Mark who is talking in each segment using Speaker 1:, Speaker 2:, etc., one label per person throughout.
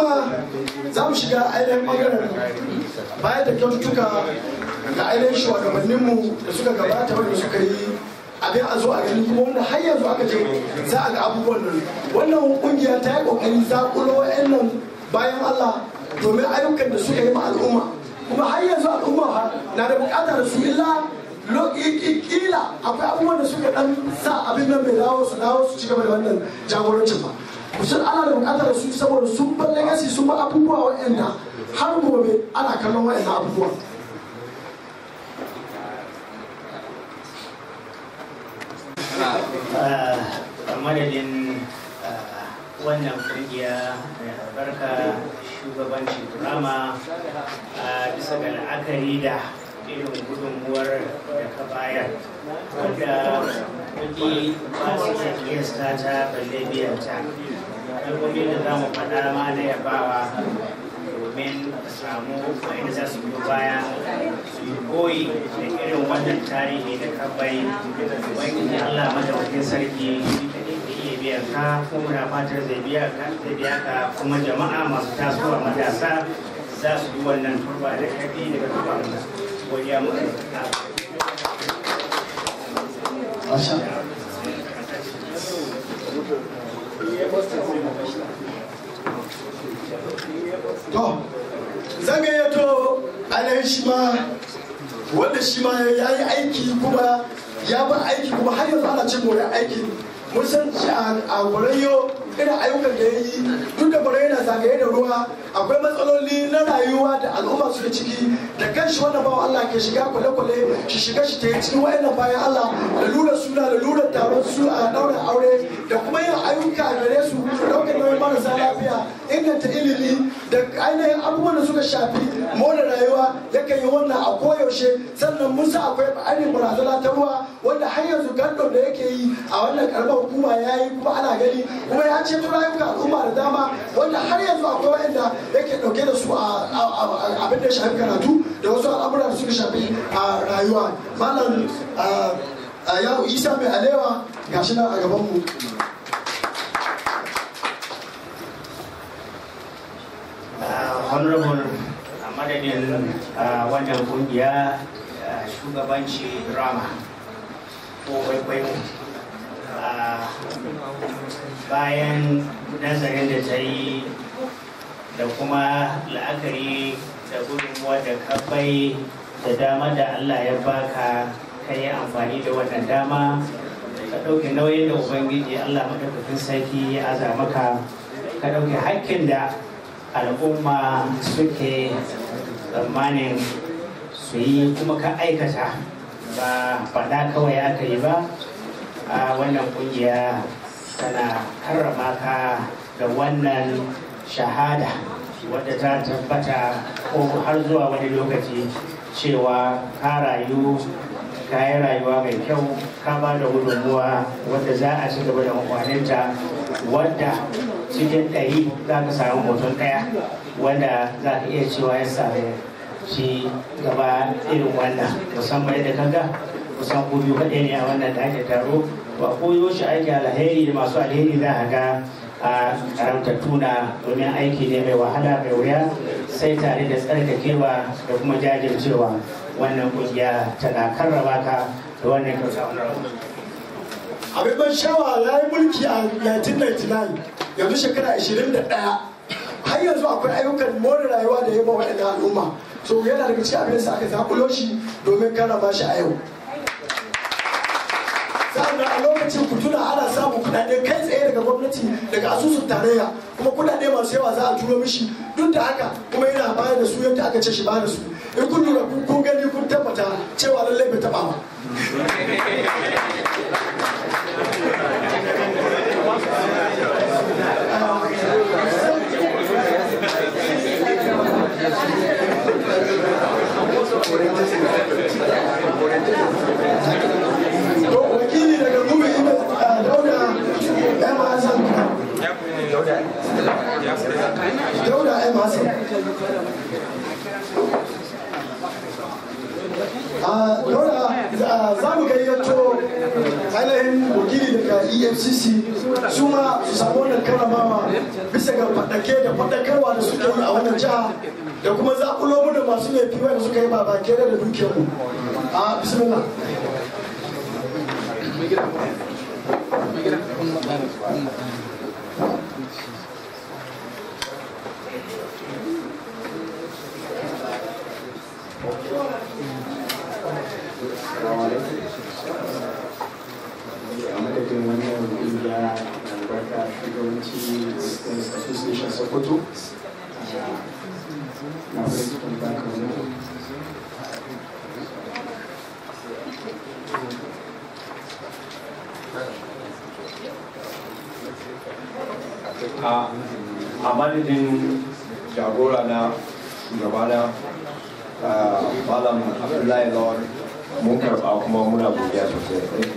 Speaker 1: kuma za mu shiga ainihin maganar bayan da kyaututtuka ga ainihin shugabanninmu da suka gabata wanda suka yi abin a zo a gani kuma wanda har yanzu aka je za a ga abubuwan nan wannan kungiya ta yi kokari zakulo wa'annan bayan Allah domin ayyukan da suka yi ma al'umma kuma har yanzu al'umma na da bukatar su illa kila akwai abubuwan da suka dan sa abin nan bai dawo su dawo su ci gaba da wannan jagorancin ba sun ana da bukatar su saboda sun bar legacy sun bar abubuwa wa'anda har gobe ana kallon wa'anda abubuwa
Speaker 2: madadin wannan kungiya da albarka shugabancin turama a bisa ga la'akari da irin gudunmuwar da ka bayar wadda kuɗi ba su iya ta balle biyan ta kalmomi da za mu faɗa ma na yabawa domin samu wa'inda za su biyo baya su yi koyi da irin wannan tarihi da kabai ubangiji allah madawakin sarki iya biya ka kuma na fatar zai biya ka zai biya ka kuma jama'a masu tasowa matasa za su yi wannan turba da kafi daga kafa godiya mu Masha
Speaker 1: to to anan shi ma wanda shi ma ya yi aiki kuma ya ba aiki kuma har yanzu ana cin ya aiki mun san a yau. irin ayyukan da ya duk da bare yana zagaye da ruwa akwai matsaloli na rayuwa da al'umma su suke ciki da kanshi wannan bawa Allah ke shiga kwale-kwale shi shiga shi ta yi cikin wa'annan bayan Allah da lura suna da lura taron su a daura aure da kuma yin ayyuka a gare su ɗaukar nauyin marasa lafiya inganta ilimi da ainihin abubuwan da suka shafi more rayuwa yakan yi wannan a koyi yaushe sannan Musa akwai ainihin barazana ta ruwa wanda har yanzu gandon da yake yi a wannan karbar hukuma ya yi kuma ana gani kuma ya ce rayuka al'umma da dama wanda har yanzu akwai waɗanda yake dauke da su a abin da shafi karatu da wasu al'amura da suka shafi a rayuwa malam yawo isa mai alewa gashi nan a gaban mu
Speaker 2: uh, honorable madadin ah, wannan kungiya ah, shugabanci drama ko kwaikwayo ah,
Speaker 1: bayan nazarin da ta yi
Speaker 2: da kuma la'akari da gudunmuwa da kafai da dama da allah ya baka ka yi amfani da wannan dama ka ɗauke nauyin da ubangiji allah maɗaukakin sarki ya azamaka ka ɗauke hakkin da al'umma suke tsammanin su yi kuma ka aikata ba faɗa kawai aka yi ba a wannan kungiya tana karrama ka da wannan shahada wadda ta tabbata ko har zuwa wani lokaci cewa ka rayu ka yi rayuwa mai kyau ka ba da gudunmuwa wadda za a ci gaba da makwaninta wadda cikin ɗari za ka samu hoton ɗaya wanda za ka iya cewa ya samu shi gaba irin wannan musamman yadda kanga kusan ku kaɗai ne a wannan da ake taro ba ko koyo shi aiki alheri da masu alheri za a ga a karantattu tuna domin aiki ne mai wahala mai wuya sai tare da tsarkakewa da kuma jajircewa wannan kungiya tana karraba ka da wannan kyauta
Speaker 1: abin ban shawa ya yi mulki a 1999 yanzu shekara 21 har yanzu akwai ayyukan more rayuwa da yaba waɗannan al'umma so yana daga cikin abin sa aka zakulo shi domin karama shi a yau sannan a lokacin ku tuna ana samun kudaden kai tsaye daga gwamnati daga asusun tarayya kuma kuɗaɗe masu yawa za a turo mishi duk da haka kuma yana bayar da su yadda aka ce shi bayar da su in kun lura kun gani kun tabbata cewa lallai bai taɓa ba por entes por entes to wakili daga gumi ina dauda gayyato ainihin wakili daga efcc su ma su samu wannan karamawa bisa ga fadake da fadakarwa da suke yi a wannan jiha da kuma zakulo mu da masu fiwa da suka yi kere da dukiyar mu a bismillah Thank you. haɗin wannan ƙungiya albarka shugabanci association sokoto na fahimtar baka wani
Speaker 2: a madadin jagora na shugabana malam ah, abdullahi lawar mun karba kuma muna godiya sosai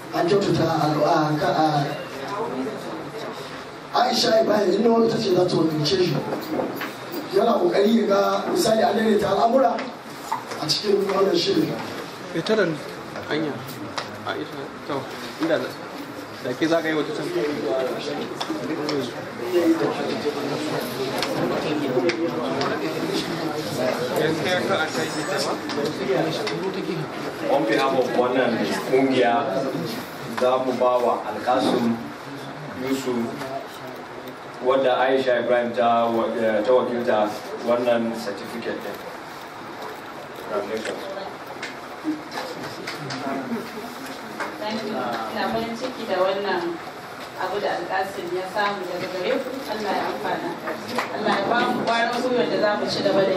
Speaker 1: an kyautata al'a ka a aisha ibrahim inno ita ce za ta wakilce shi yana kokari ga misali an daidaita al'amura a cikin wannan shirin fitarar eh,
Speaker 2: anya aisha to inda da ke za ka yi wata can on behalf of wannan kungiya za mu ba wa alkasim yusuf wadda aisha ibrahim ta wakilta wannan certificate din Thank you. Na farin ciki da wannan abu da alƙasim ya samu daga gare ku Allah ya amfana Allah ya ba mu kwarin gwiwar da za mu ci gaba da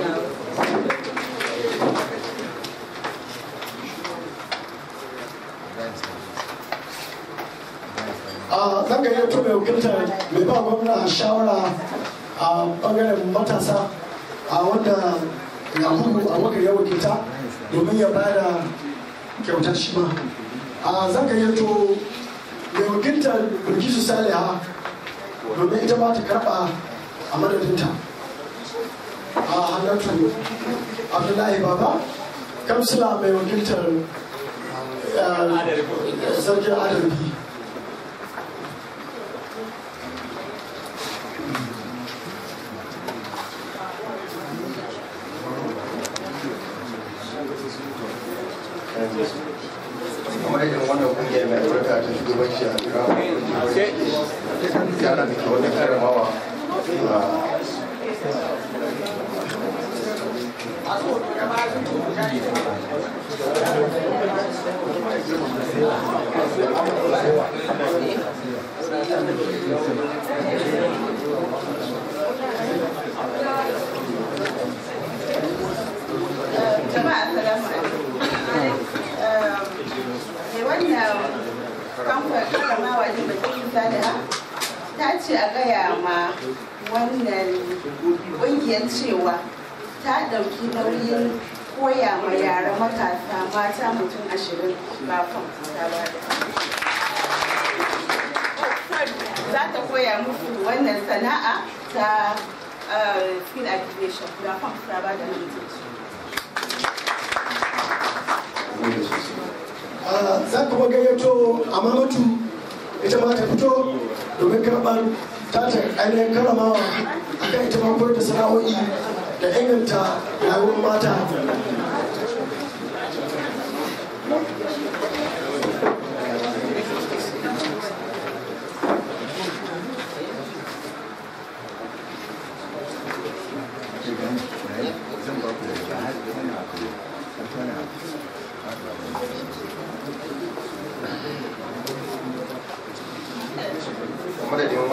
Speaker 1: yawo zan ga yau mai wakiltar mai ba gwamna shawara a bangaren matasa a wanda yahudu a wakar ya wakilta domin ya bada kyautar shi ma a zan ga mai wakiltar bilkisu saliha domin ita ma ta karɓa a madadinta a tuni abdullahi baba kamsila mai wakiltar
Speaker 2: eh,
Speaker 1: sarkin adalbi gidajen shugabanci a jira yana da ke wani karamawa Thank
Speaker 2: kamfar karamawa da bakin sada'a ta ce a gaya ma wannan ƙungiyar cewa ta ɗauki nauyin koya ma yara matasa mata mutum ashirin ba kwamfuta ba da za ta koya musu wannan sana'a ta eh, skill activation ba kwamfuta ba da mutum
Speaker 1: za kuma gayyato amamatu ita ma ta fito domin karɓar tata ainihin karamawa akan ita ma da sana'o'i da inganta rayuwar mata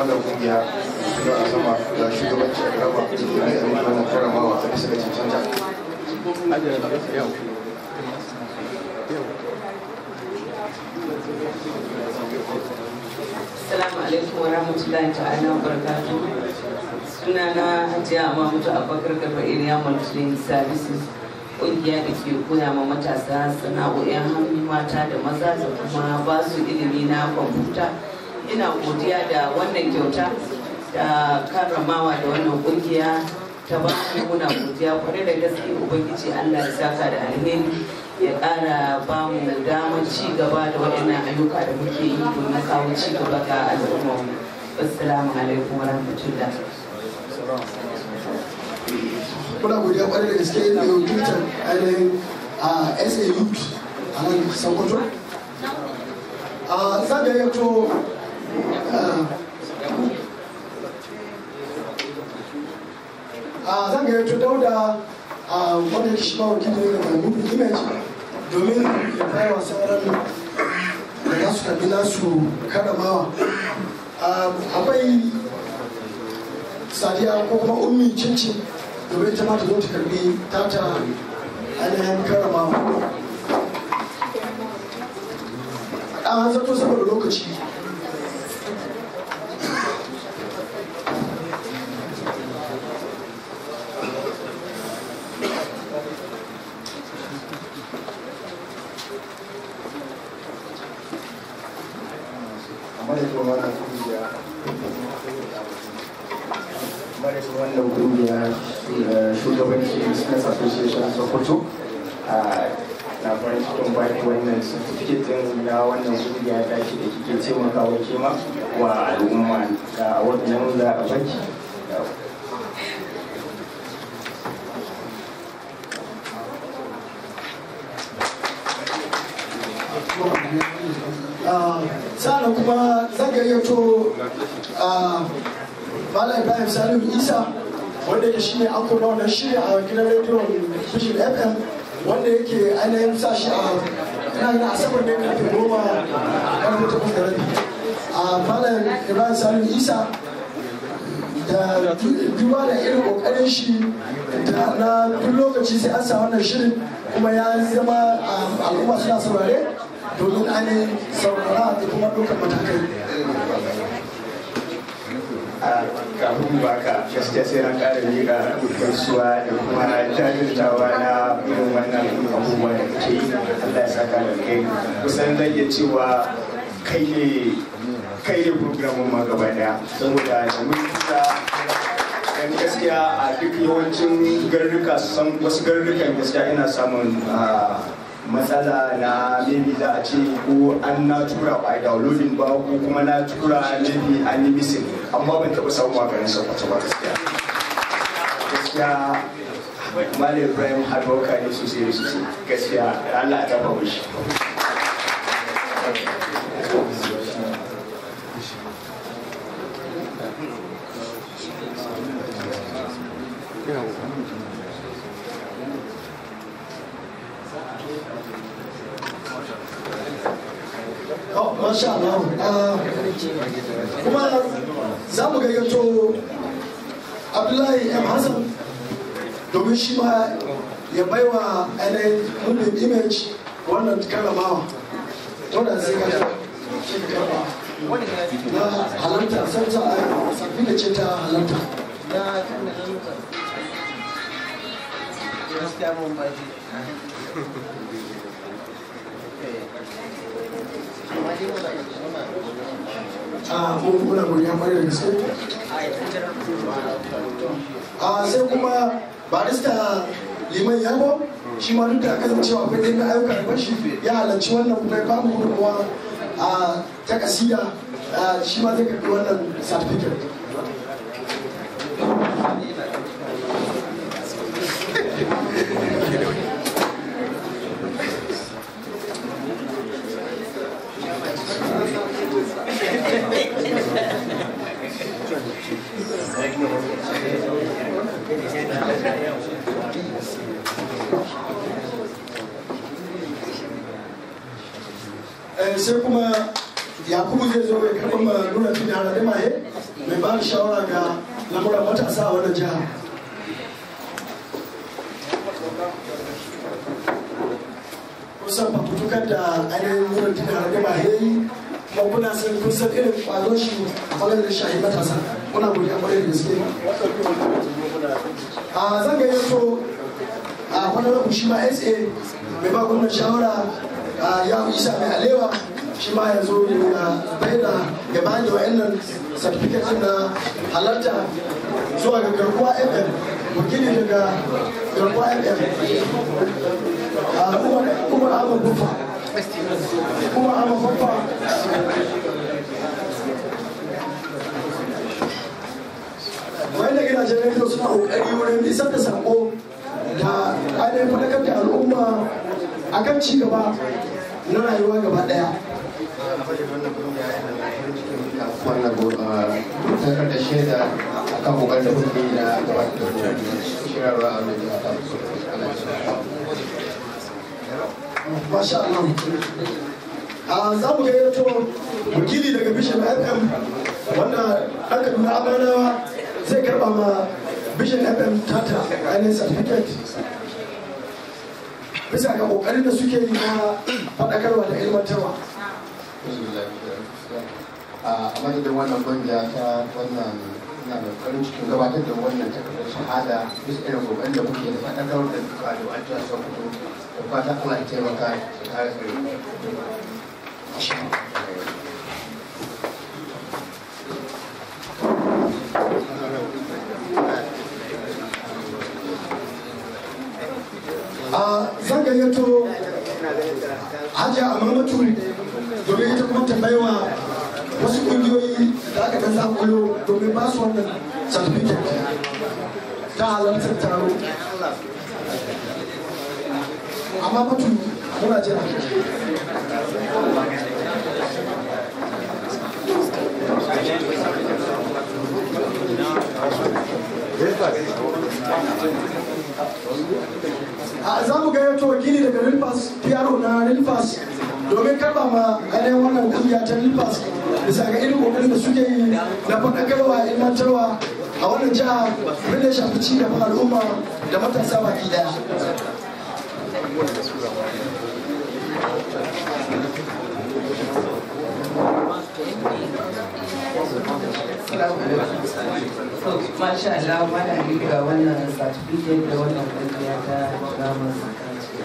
Speaker 1: wannan kungiya da a sama da shugabanci a karama da ke mai abin wannan karamawa a bisa ga cancanta.
Speaker 2: Assalamu alaikum wa rahmatullahi ta'ala wa barakatuhu. Suna na Hajiya Amamutu Abubakar Garba Area Multilingual Services. kungiya da ke koya ma matasa sana'o'in hannu mata da maza da kuma ba su ilimi na kwamfuta ina godiya da wannan kyauta da karramawa da wannan kungiya ta ba muna godiya kwarai da gaske ubangiji allah ya saka da alheri ya ƙara ba mu damar ci gaba da waɗannan ayyuka da muke yi domin kawo ci gaba ga al'umma assalamu alaikum wa rahmatullah kuna
Speaker 1: godiya kwarai da gaske da wakiltar ainihin a sa youth a nan sokoto a to a ah, ah, zan gayyato dauda a ah, wanda shi ba wakil da daga movie image domin ya kai wa sauran da za su tafi nasu karamawa akwai sadiya ko kuma ummi cincin domin ta ma ta zo ta karbi tata ainihin karamawa a hanzarto saboda lokaci sannan kuma zan gayyato Malam Ibrahim Salihu Isa wanda shi shine anko na wannan shi a gidan rediyon Vision FM wanda yake ainihin sa shi a ina ga asabar ne karfe goma karfe takwas da rabi a bala Ibrahim Salihu Isa da duba da irin kokarin shi da na duk lokaci sai an sa wannan shirin kuma ya zama al'umma suna saurare domin an yi saurara da kuma dukkan matakai
Speaker 2: kafin baka gaskiya sai na ƙara miƙa gaisuwa da kuma jajirtawa na irin wannan abubuwa da ke Allah ya saka da kai kusan zan iya cewa kai ne kai ne programin ma gaba ɗaya saboda da mun kusa dan gaskiya a duk yawancin garuruka san wasu garurukan gaskiya ina
Speaker 1: samun ah, matsala na maybe za a ce ko an na tura ba a downloading ba ko kuma na tura maybe an yi missing amma ban taɓa samun maganin sakwato ba gaskiya gaskiya malam ibrahim harbarka ne sosai
Speaker 2: da sosai gaskiya allah ta taɓa shi
Speaker 1: Yeah. masha ah, kuma za mu gayyato abdullahi m hassan domin shi ma ya baiwa ainihin mulmin image wannan karamawa to da sai ka na halarta sarta a sabbi da ce ta halarta a ah, muna godiya kwarai da gaske a ah, sai kuma barista liman yabo shi ma duk da kasancewa akwai ɗaya na ayyuka da shi ya halarci wannan kuma ya bamu gudunmuwa a ah, ta kasida shi ma zai karɓi wannan certificate Eh, sai kuma yakubu zai zo mai karfin ma nuna tuni hana da maye mai ba da shawara ga lamuran matasa a wannan jihar. kusan fafutukar da ainihin nuna tuni hana da maye kuma kuna san kun san irin kwazon shi a da shahi matasa muna godiya kwarai da gaske a zan gayyato a kwanan shi ma sa mai ba gwamnan shawara Ah, ya isa mai alewa shi ma ya zo ya bayyana ya bani wa'annan certificate din na halarta zuwa ga garkuwa fm wakili daga garkuwa fm kuma ah, amma bufa kuma amma bufa wanda gidajen rediyo suna kokari wurin isar da sako da ainihin fadakar da al'umma akan cigaba. na rayuwa gaba daya
Speaker 2: wannan sakar da shaida a kan kokarin da kuke na gaba da shirarwa a wani jihar ta
Speaker 1: Allah. za mu ga yato wakili daga Bishan FM wanda ɗan Kaduna Abanawa zai karɓa ma Bishan FM tata ainihin certificate bisa ga kokarin da suke yi na faɗakarwa da ilmantarwa a madadin wannan kungiya ta wannan na farin cikin gabatar da wannan takardar shahada bisa irin kokarin da kuke da faɗakarwa da duka da wata sa da Allah ya taimaka da kare yato gayyato
Speaker 2: hajiya amamatu
Speaker 1: domin ita kuma ta baiwa wasu kungiyoyi da aka dan zakulo domin ba su wannan certificate ta halartar taro amma mutu muna jira Thank you. za mu gayyato wakili daga Rilfas PRO na Rilfas domin karba ma ainihin wannan kungiya ta Rilfas bisa ga irin kokarin da suke yi na faɗakarwa ilmantarwa a wannan jiha mun da shafi ci gaban al'umma da matasa baki daya.
Speaker 2: masha Allah mana ga wannan certificate da wannan kungiya ta ramun sakarci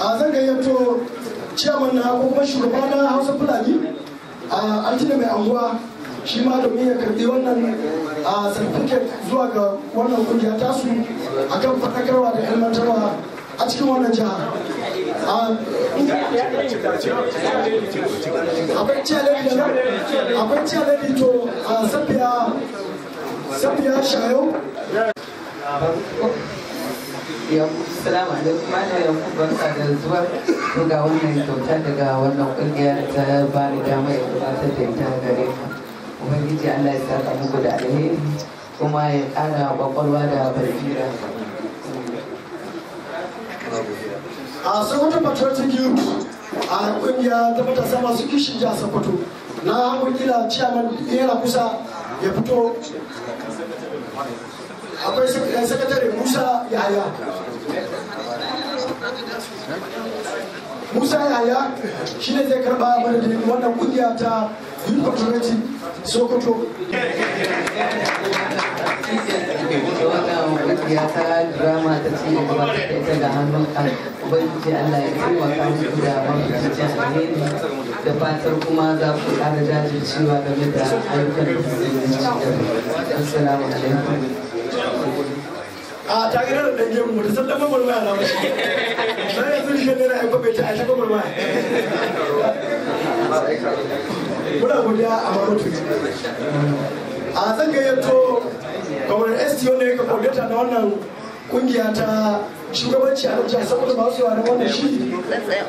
Speaker 1: a a zan gayyato ciyaman na ko kuma shugaba na hausa fulani a altina mai anguwa shi ma domin ya karbi wannan a certificate zuwa ga wannan kungiya tasu akan fadakarwa da ilmantarwa a cikin wannan jiha akwai ciyar da to a safiya safiya
Speaker 2: Assalamu alaikum da zuwa wannan daga wannan kungiya ta ba ya Ubangiji Allah ya saka muku da kuma ya ƙara kwakwalwa da basira.
Speaker 1: a sokoto patriotic youth a kungiya ta matasa masu kishin jihar sokoto na wakila ciyaman yana kusa ya fito akwai eh, sakatare musa yaya musa yaya shi ne zai karba madadin wannan kungiya ta youth patriotic sokoto wannan kungiya ta drama
Speaker 2: ta ce ta hannun Allah ya taimaka da mafificin alheri da fatar kuma za ku ƙara jajircewa game da ayyukan da ci da assalamu alaikum
Speaker 1: a ta da ɗan na wasu yanzu haifar bai ta a shi mamarmaya muna godiya a a zan gayyato kamar sto ne ka kodeta na wannan kungiya ta shugabanci a jiya saboda masu yawa na wannan shi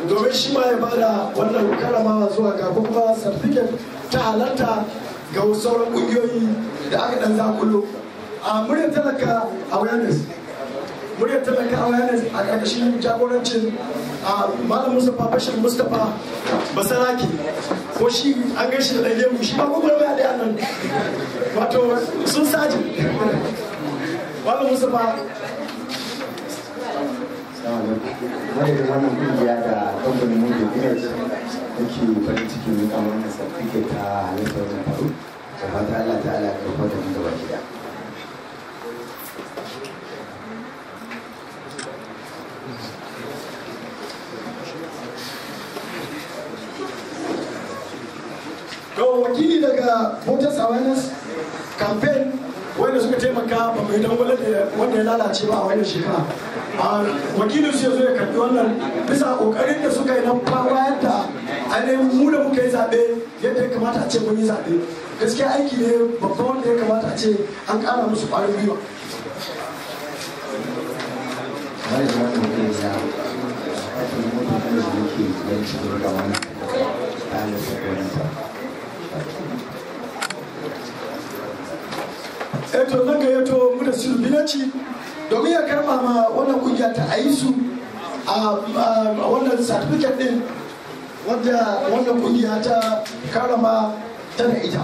Speaker 1: domin shi ma ya bada wannan karamawa zuwa ga kuma certificate ta halarta ga sauran kungiyoyi da aka dan zakulo a muryar talaka awareness muryar talaka awareness a ƙarƙashin jagorancin a malam mustapha bashir mustapha basaraki ko shi an gaishe da ɗan mu shi ba kuma ya ɗaya nan wato sun saji wani musufa madadin wannan kungiya da kamfanin mulkin shi yake farin ciki ne kamar wannan sarfike ta halittar wannan faru da fata Allah ta ala karfa da mun gaba gida ga wakili daga Motors Awareness campaign wanda suka taimaka ba mai dangwale da wanda ya lalace ba a wannan shekara a wakilin su ya zo ya karbi wannan bisa kokarin da suka yi na bayar da ainihin mu da muka yi zaɓe yadda ya kamata a ce mun yi zaɓe gaskiya aiki ne babba wanda ya kamata a ce an ƙara musu ƙwarin gwiwa Thank eto na gayyato muda da silbilaci domin ya karba ma wannan kungiya ta su a wannan certificate din wanda wannan kungiya ta karama tana ita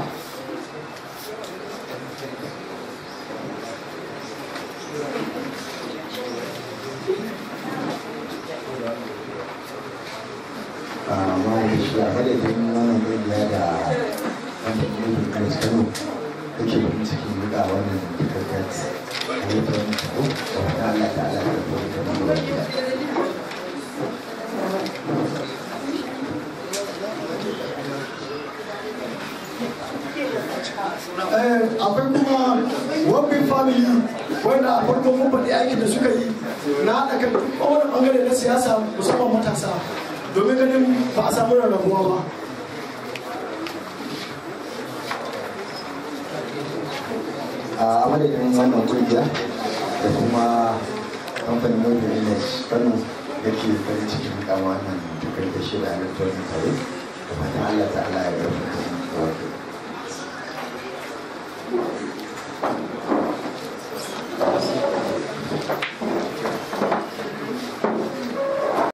Speaker 1: Eh, akwai kuma wabin family wanda a farko mun faɗi aikin da suka yi na haɗa kan kowane ɓangare na siyasa musamman matasa domin ganin ba a samu rarrabuwa ba a madadin wannan kungiya da kuma kamfanin mobile energy kano da ke farin cikin kama nan takardar shida na tsohon tare da fatan allah ta ta'ala ya ƙarfafa Thank you.